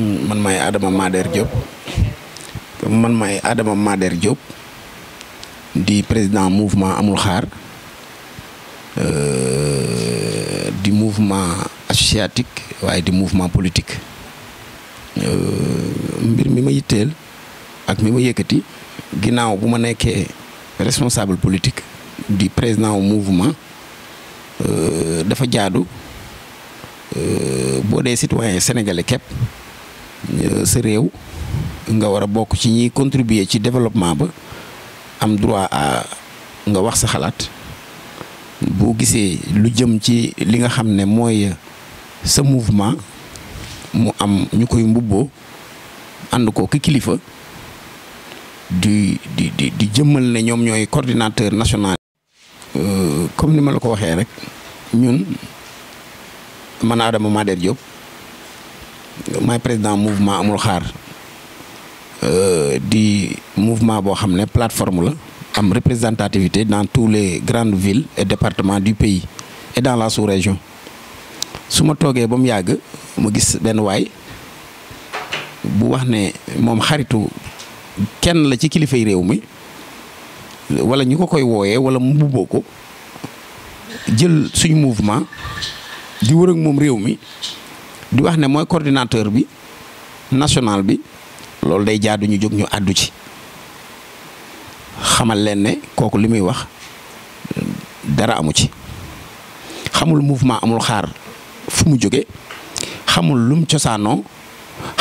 man may Adama Mader Diop man maay Adama Mader Diop di président mouvement amul xaar euh, di mouvement associatique waaye di mouvement politique euh, mbir mi ma yitteel ak mi ma yëkkati ginnaaw bu ma nekkee responsable politique di président mouvement euh, dafa jaadu boo dee citoyen sénégalais képp Euh, sa réew nga war a bokk ci ñiy contribuer ci développement ba am droit à nga wax sa xalaat boo gisee lu jëm ci li nga xam ne mooy sa mouvement mu am ñu koy mbubboo ànd ko ki kilifa di di di di jëmmal ne ñoom ñooy coordinateur national. Euh, comme ni ma la ko waxee rek ñun man Adama Mader Diop. Maire président du mouvement amul xaar euh, di mouvement boo plateforme la am représentativité dans toutes les grandes villes et départements du pays et dans la sous-région su ma toogee ba mu yàgg ma gis benn waay bu wax ne moom kenn la ci kilifay suis venu wala ñuko ko koy woyé wala mbu boko ko jël suñu mouvement di wër ak mom réew di wax ne mooy coordinateur bi national bi loolu day jaadu ñu jóg ñu àddu ci xamal leen ne kooku li muy wax dara amu ci xamul mouvement amul xaar fu mu jóge xamul lum cosaanoo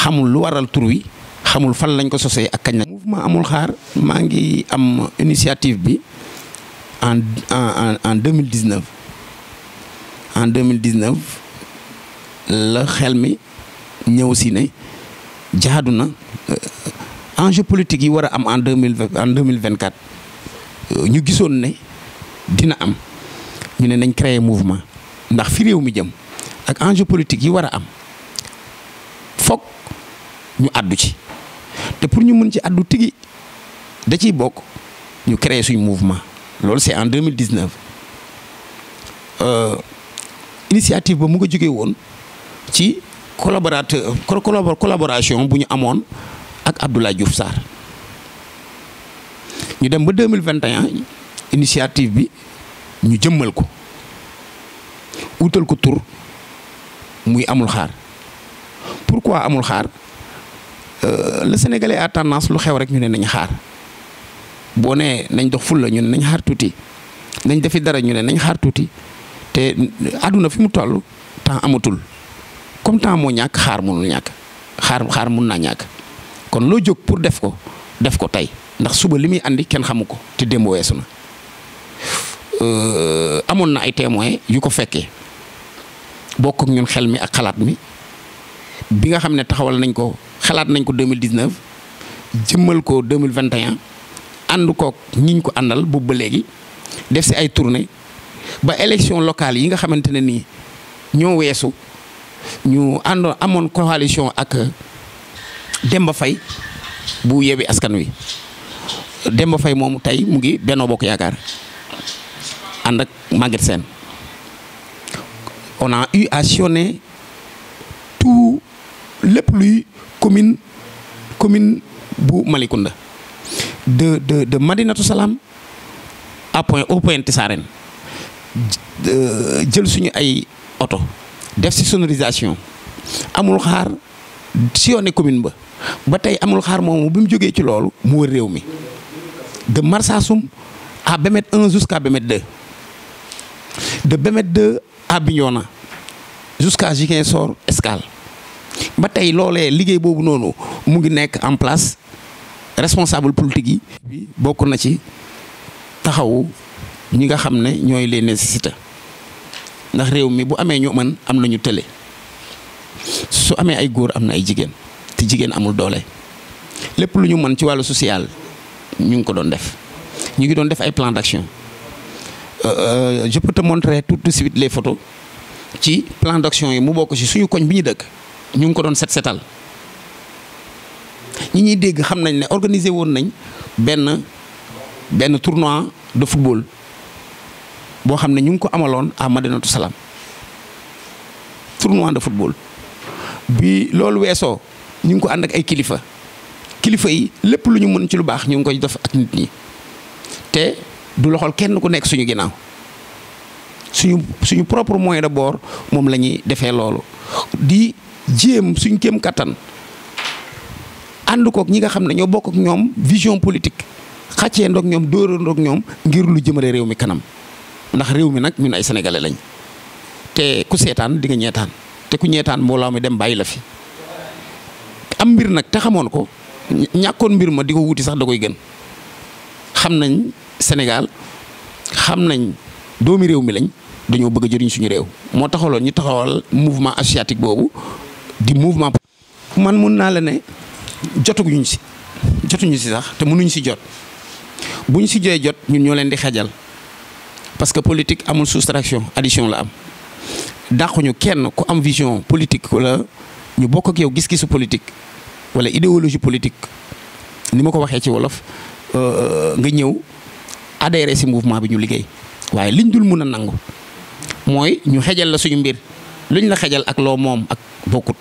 xamul lu waral tur wi xamul fan lañ ko sosee ak kañ la. mouvement amul xaar maa ngi am initiative bi en en en deux mille dix neuf en deux mille dix neuf la xel mi ñëw si ne jaadu euh, enjeu politique yi am en deux mille en deux euh, ñu ne dina am ñu ne nañ créer mouvement ndax fi réew mi jëm ak enjeu politique yi am fok ñu àddu ci te pour ñu mën ci àddu tigi da ciy bokk ñu créer suñ mouvement loolu c'est en euh, initiative ba mu ci collaborateur collaboration bu ñu amoon ak Abdoulaye Diouf Sarr ñu dem ba 2021 initiative bi ñu jëmmal ko wutal ko tur muy amul xaar pourquoi amul xaar euh, le sénégalais a tendance lu xew rek ñu ne nañ xaar boo nee nañ dox fulla la ñu ne nañ xaar tuuti nañ defi dara ñu ne nañ xaar tuuti te àdduna fi mu toll temps amatul comme temps moo ñàkk xaar mënul ñàkk xaar xaar mun naa ñàkk kon loo jóg pour def ko def ko tey ndax suba li muy andi kenn xamu ko te démb weesu na euh, amoon na ay témoins yu ko fekkee bokk ak ñun xel mi ak xalaat mi bi nga xam ne taxawal nañ ko xalaat nañ ko 2019 jëmmal ko 2021 ànd koog ñiñ ko àndal boobu ba léegi def si ay tourne ba élection locale yi nga xamante ne nii ñoo weesu. ñu àndoon amoon coalition ak Demba Faye bu yewi askan wi Demba Faye moom tey mu ngi Benno Bokk Yaakaar ànd ak Maguette Sène on a eu à sillonner lépp luy commune commune bu Malicounda de de de Madinatu Salaam à point au point Tisarène euh, jël suñu ay oto def si sonorisation amul xaar si yoone commune ba ba tey amul xaar moomu bi mu jógee ci loolu mu wër réew mi de Marsassoum à Bémet 1 jusqu'à Bémet 2 de Bémet 2 à Bignona jusqu'à Ziguinchor Escale ba tey loolee liggéey boobu noonu mu ngi nekk en place responsable politique yi bokk na ci taxawu ñi nga xam ne ñooy les nécessité ndax réew mi bu amee ñu man am na ñu tële su amee ay góor am na ay jigéen te jigéen amul doole lépp lu ñu mën ci wàllu sociale ñu ngi ko doon def ñu ngi doon def ay plan d'action euh, euh, je peux te montrer tout de suite les photo ci plan d'action yi mu bokk ci suñu koñ bi ñu dëkk ñu ngi ko doon set setal ñi ñuy dégg xam nañ ne organiser woon nañ benn benn tournoi de football. boo xam ne ñu ngi ko amaloon à Madinatu Salaam tournoi de football bi loolu weesoo ñu ngi ko ànd ak ay kilifa kilifa yi lépp lu ñu mën ci lu baax ñu ngi koy def ak nit ñi te du loxol kenn ku nekk suñu ginnaaw suñu suñu propre moyen de bord moom la ñuy defee loolu di jéem suñ kéem kattan ànd kook ñi nga xam ne ñoo bokk ak ñoom vision politique xàccee ndoog ñoom dóorandoo ak ñoom ngir lu jëmale réew mi kanam. ndax réew mi nag ñun ay sénégalais lañ te ku seetaan di nga ñeetaan te ku ñeetaan mbooloo mi dem bàyyi la fi am mbir nag te xamoon ko ñàkkoon mbir ma di ko wuti sax da koy gën xam nañ Sénégal xam nañ doomi réew mi lañ dañoo bëgg a jëriñ suñu réew moo taxawaloon ñu taxawal mouvement asiatique boobu di mouvement. man mun naa la ne jotaguñu si jotuñu si sax te mënuñ si jot buñ si jee jot ñu ñoo leen di xajal. parce que politique amul soustraction addition la am dàquñu kenn ku am vision politique wala ñu bokk ak yow gis-gisu politique wala idéologie politique ni ma ko waxee ci wolof euh, euh, nga ñëw adhéré si mouvement bi ñu liggéey waaye liñ dul mun a nangu mooy ñu xejal la suñu mbir luñ la xejal ak loo moom ak bokkut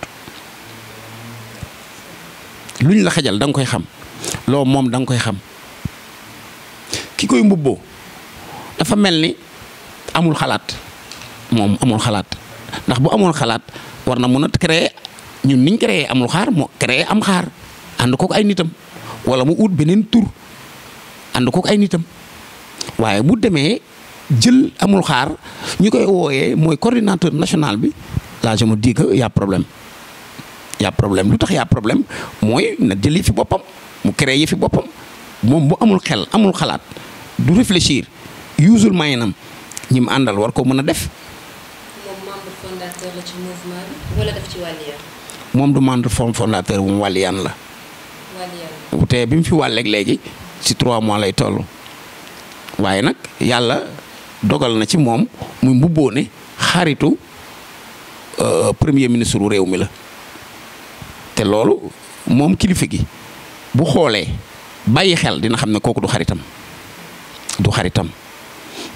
luñ la xejal da nga koy xam loo moom da nga koy xam ki koy mbubboo dafa mel ni amul xalaat moom amul xalaat ndax bu amul xalaat war na mun a créer ñun niñ créer amul xaar moo créer am xaar ànd kook ay nitam wala mu ut beneen tur ànd kook ay nitam waaye bu demee jël amul xaar ñu koy wooyee mooy coordinateur national bi là je me dis que problème y problème lu tax y problème mooy na jël fi boppam mu créer yi fi boppam moom bu amul xel amul xalaat du réfléchir yuusul mayenam ñi mu àndal war ko mën a def. moom membre fondateur la ci moom du membre fondateur mu wàlliyaan la. wàlliyaan te bi mu fi wàlleeg léegi ci trois mois lay toll. waaye nag yàlla dogal na ci moom muy mbubboo ne xaritu euh, premier ministre bu réew mi la te loolu moom kilifa gi bu xoolee bàyyi xel dina xam ne kooku du xaritam du xaritam.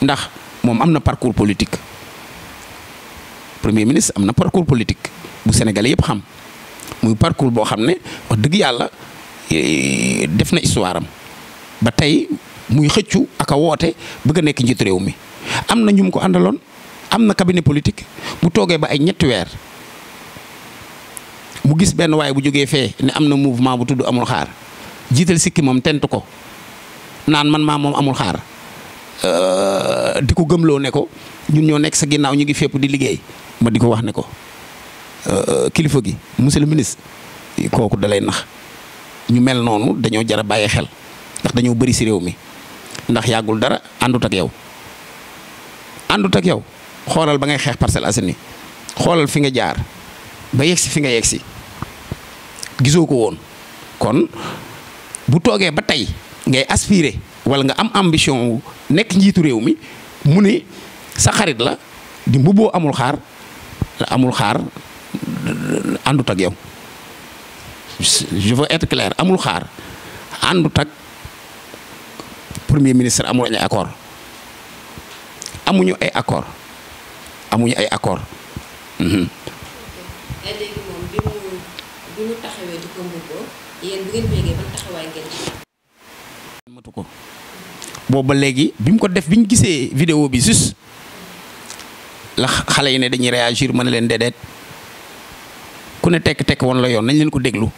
ndax moom am na parcours politique premier ministre am na parcours politique bu sénégalais yëpp xam muy parcours boo xam ne wax dëgg yàlla e, def na histoire am ba tey muy xëccu aka woote bëgg a nekk njiit réew mi am na ñu ko àndaloon am na cabinet politique bu toogee ba ay ñetti weer mu gis benn waaye bu jógee fee ne am na mouvement bu tudd amul xaar jiital sikki moom tent ko naan man maa moom amul xaar Euh, di ko lo ne ko ñun ñoo nek sa ginnaaw ñu ngi fepp di liggey ma di ko wax ne ko euh, kilifa gi monsieur le ministre koku da nax ñu mel nonu dañu jara baye xel ndax dañu bari ci rew mi ndax yagul dara andu ak yow andu ak yow xolal ba ngay xex parcel asini xolal fi nga jaar ba yegsi fi nga gisoko won kon bu toge ba tay ngay aspirer wala nga am ambition wu nekk njiitu réew mi mu ni sa xarit la di mbubboo amul xaar amul xaar àndut ak yow je veux être clair amul xaar àndut ak premier ministre amul ay accord amuñu ay accord amuñu ay accord mhm. matu ko boobu ba léegi bi ko def bi ñu gisee vidéo bi juste la xale yi ne dañuy réagir mën na leen déedéet ku ne tekk-tekk woon la yoon dañ leen ko déglu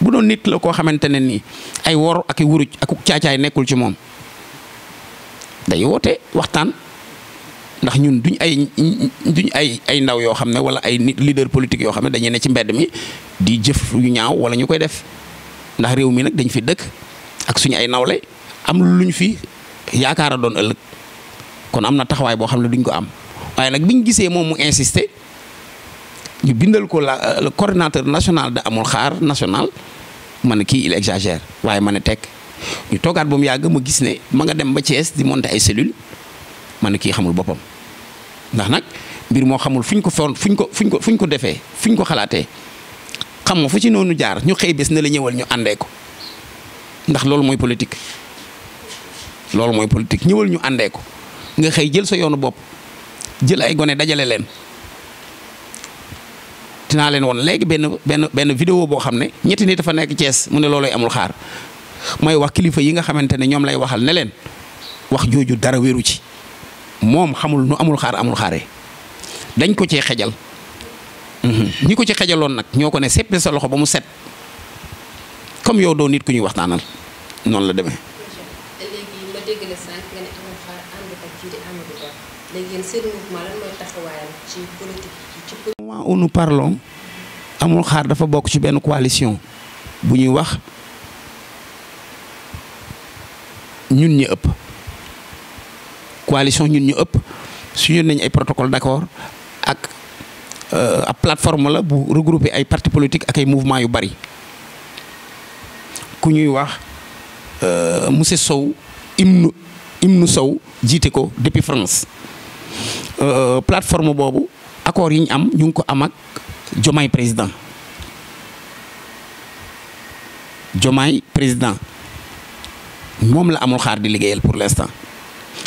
bu doon nit la koo xamante ne nii ay wor ak i wuruj ak caacaay nekkul ci moom day woote waxtaan ndax ñun duñ ay duñ ay ay ndaw yoo xam ne wala ay nit leader politique yoo xam ne dañuy ne ci mbedd mi di jëf yu ñaaw wala ñu koy def ndax réew mi nag dañ fi dëkk. ak suñu ay nawle am luñ fi yaakaar a doon ëllëg kon am na taxawaay boo xam ne duñ ko am waaye nag biñ gisee moom mu insister ñu bindal ko la euh, le coordinateur national de amul xaar national ma ne kii il exagère waaye ma ne teg ñu toogaat ba mu yàgg ma gis ne ma nga dem ba Thiès di monter ay cellules ma ne kii xamul boppam ndax nag mbir moo xamul fuñ ko foon fuñ ko fuñ ko fuñ ko defee fuñ ko xalaatee xam nga fu ci noonu jaar ñu xëy bés ne la ñëwal ñu àndee ko. ndax loolu mooy politique loolu mooy politique ñëwal ñu àndee ko nga xëy jël sa yoonu bopp jël ay gone dajale leen dinaa leen woon léegi benn benn benn vidéo boo xam ne ñetti nit dafa nekk Cees mu ne loolooy amul xaar mooy wax kilifa yi nga xamante ne ñoom lay waxal ne leen wax jooju dara wéeru ci moom xamul nu amul xaar amul xaare dañ ko cee xejal mhm. ñi ko ci xejaloon nag ñoo ko ne seppe sa loxo ba mu set. comme yow doo nit ku ñuy waxtaanal noonu la demee. léegi ma dégg la amul xaar dafa bokk ci benn coalition bu ñuy wax ñun ñu ëpp coalition ñun ñu ëpp suñu nañ ay protocole d'accord ak euh, ab plateforme la bu regrouper ay partis politiques ak ay mouvement yu bari. ku ñuy wax euh, monsieur Sow Imnu Imnu Sow jiite ko depuis France euh, plateforme boobu accord yi ñu am ñu ngi ko am ak Diomaye président Diomaye président moom la amul xaar di liggéeyal pour l'instant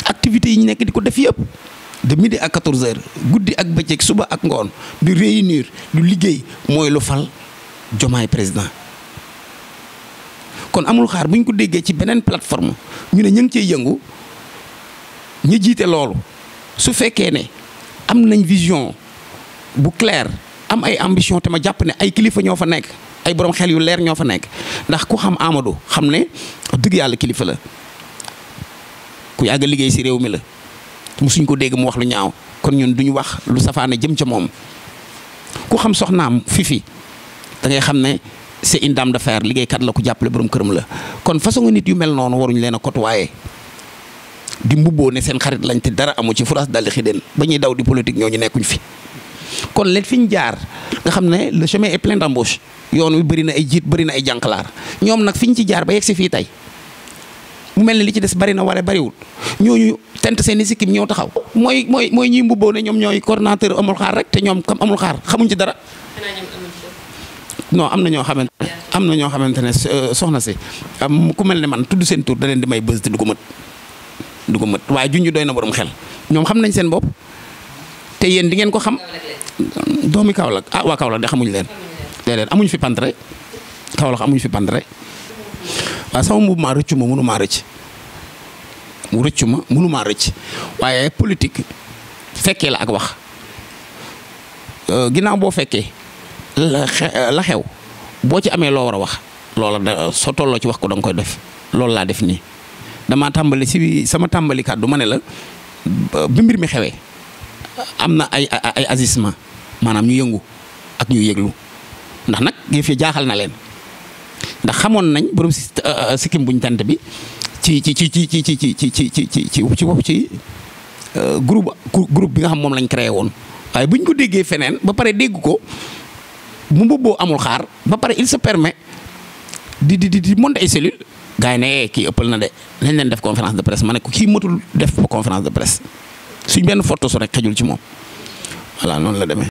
activité yi ñu nekk di ko def yëpp de midi ak 14 heures guddi ak bëccëg suba ak ngoon di réunir du liggéey mooy lu fal Diomaye président kon amul xaar bu ko déggee ci beneen plateforme ñu ne ñu ngi cey yëngu ñi jiite loolu su fekkee ne am nañ vision bu claire am ay ambition te ma jàpp ne ay kilifa ñoo fa nekk ay borom xel yu leer ñoo fa nekk ndax ku xam Amadou xam ne digg yàlla kilifa la ku yàgg liggéey si réew mi la musuñ ko dégg mu wax lu ñaaw kon ñun duñu wax lu safaane jëm ca moom ku xam soxnaam Fifi da xam ne. c'est une dame d'affaires liggéeykat la ku jàppale borom këram la kon façon nit yu mel noonu waruñu leen a côtoyer di mbubboo ne seen xarit lañ te dara amu ci furaas dal di xideen ba ñuy daw di politique ñooñu nekkuñ fi kon leen fi ñu jaar nga xam ne le chemin est plein d'embûches yoon wi bëri na ay jiit bëri na ay jànqalaar ñoom nag fi ñu ci jaar ba yegg fii tey mu mel ni li ci des bëri na wala bëriwul ñooñu tent seen i sikkim ñoo taxaw. mooy mooy mooy ñuy mbubboo ne ñoom ñooy coordonnateur amul xaar rek te ñoom kam amul xaar xamuñ ci dara. non am na ñoo xamante ne am na ñoo xamante ne euh, soxna si ku mel ne man tudd seen tuur daleen di may bës di du ko mët du ko mët waaye junj doy na borom xel ñoom xam nañ seen bopp te yéen di ngeen ko xam doomi Kaolack ah waa Kaolack de xamuñ leen déedéet amuñ fi pantre Kaolack amuñ fi pantre waaw sama mbubb maa rëccu ma mënu maa rëcc mu rëccu ma mënu maa waaye politique fekkee la ak wax euh, ginnaaw boo fekkee la xew boo ci amee loo war a wax loola da soo tolloo ci wax ko danga koy def loolu laa def nii damaa tàmbali si sama tàmbali kàddu ma ne la bi mbir mi xewee am na ay ay agissement maanaam ñu yëngu ak ñu yëglu ndax nag yëf jaaxal na leen ndax xamoon nañ borom sikim buñ tant bi ci ci ci ci ci ci ci ci ci ci ci ci groupe groupe bi nga xam moom lañ créé woon waaye buñ ko déggee feneen ba pare dégg ko. mu mbubboo amul xaar ba pare il se permet di di di monter ay cellule gars yi ne eh, kii ëppal na de lañ leen def conférence de presse ma ne ko kii matul def fo conférence de presse suñ benn photo su rek xejul ci moom voilà noonu la demee.